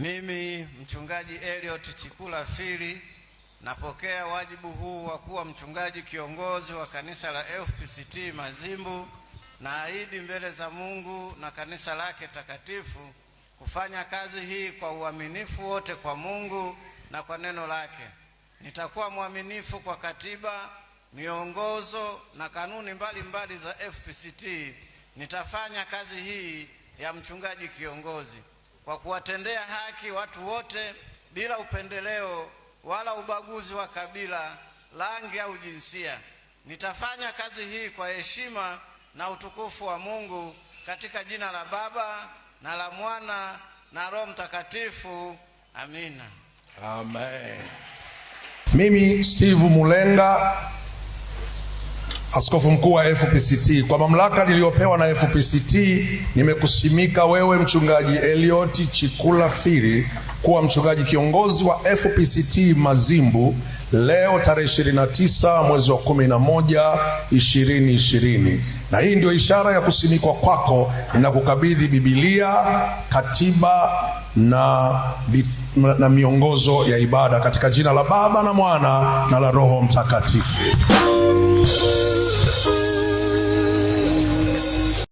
Mimi mchungaji Elliot Chikula Fili napokea wajibu huu wa kuwa mchungaji kiongozi wa kanisa la FPCT Mazimbu, na ahidi mbele za Mungu na kanisa lake takatifu kufanya kazi hii kwa uaminifu wote kwa Mungu na kwa neno lake. Nitakuwa mwaminifu kwa katiba, miongozo na kanuni mbalimbali mbali za FPCT. Nitafanya kazi hii ya mchungaji kiongozi kwa kuwatendea haki watu wote bila upendeleo wala ubaguzi wa kabila, rangi au jinsia. Nitafanya kazi hii kwa heshima na utukufu wa Mungu katika jina la Baba na la Mwana na Roho Mtakatifu. Amina. Amen. Mimi Steve Mulenga Askofu mkuu wa FPCT, kwa mamlaka niliyopewa na FPCT nimekusimika wewe mchungaji Elliot Chikula Firi kuwa mchungaji kiongozi wa FPCT Mazimbu leo tarehe 29 mwezi wa 11 2020, na hii ndio ishara ya kusimikwa kwako. Ninakukabidhi Bibilia, katiba na, na miongozo ya ibada katika jina la Baba na Mwana na la Roho Mtakatifu. Thank you.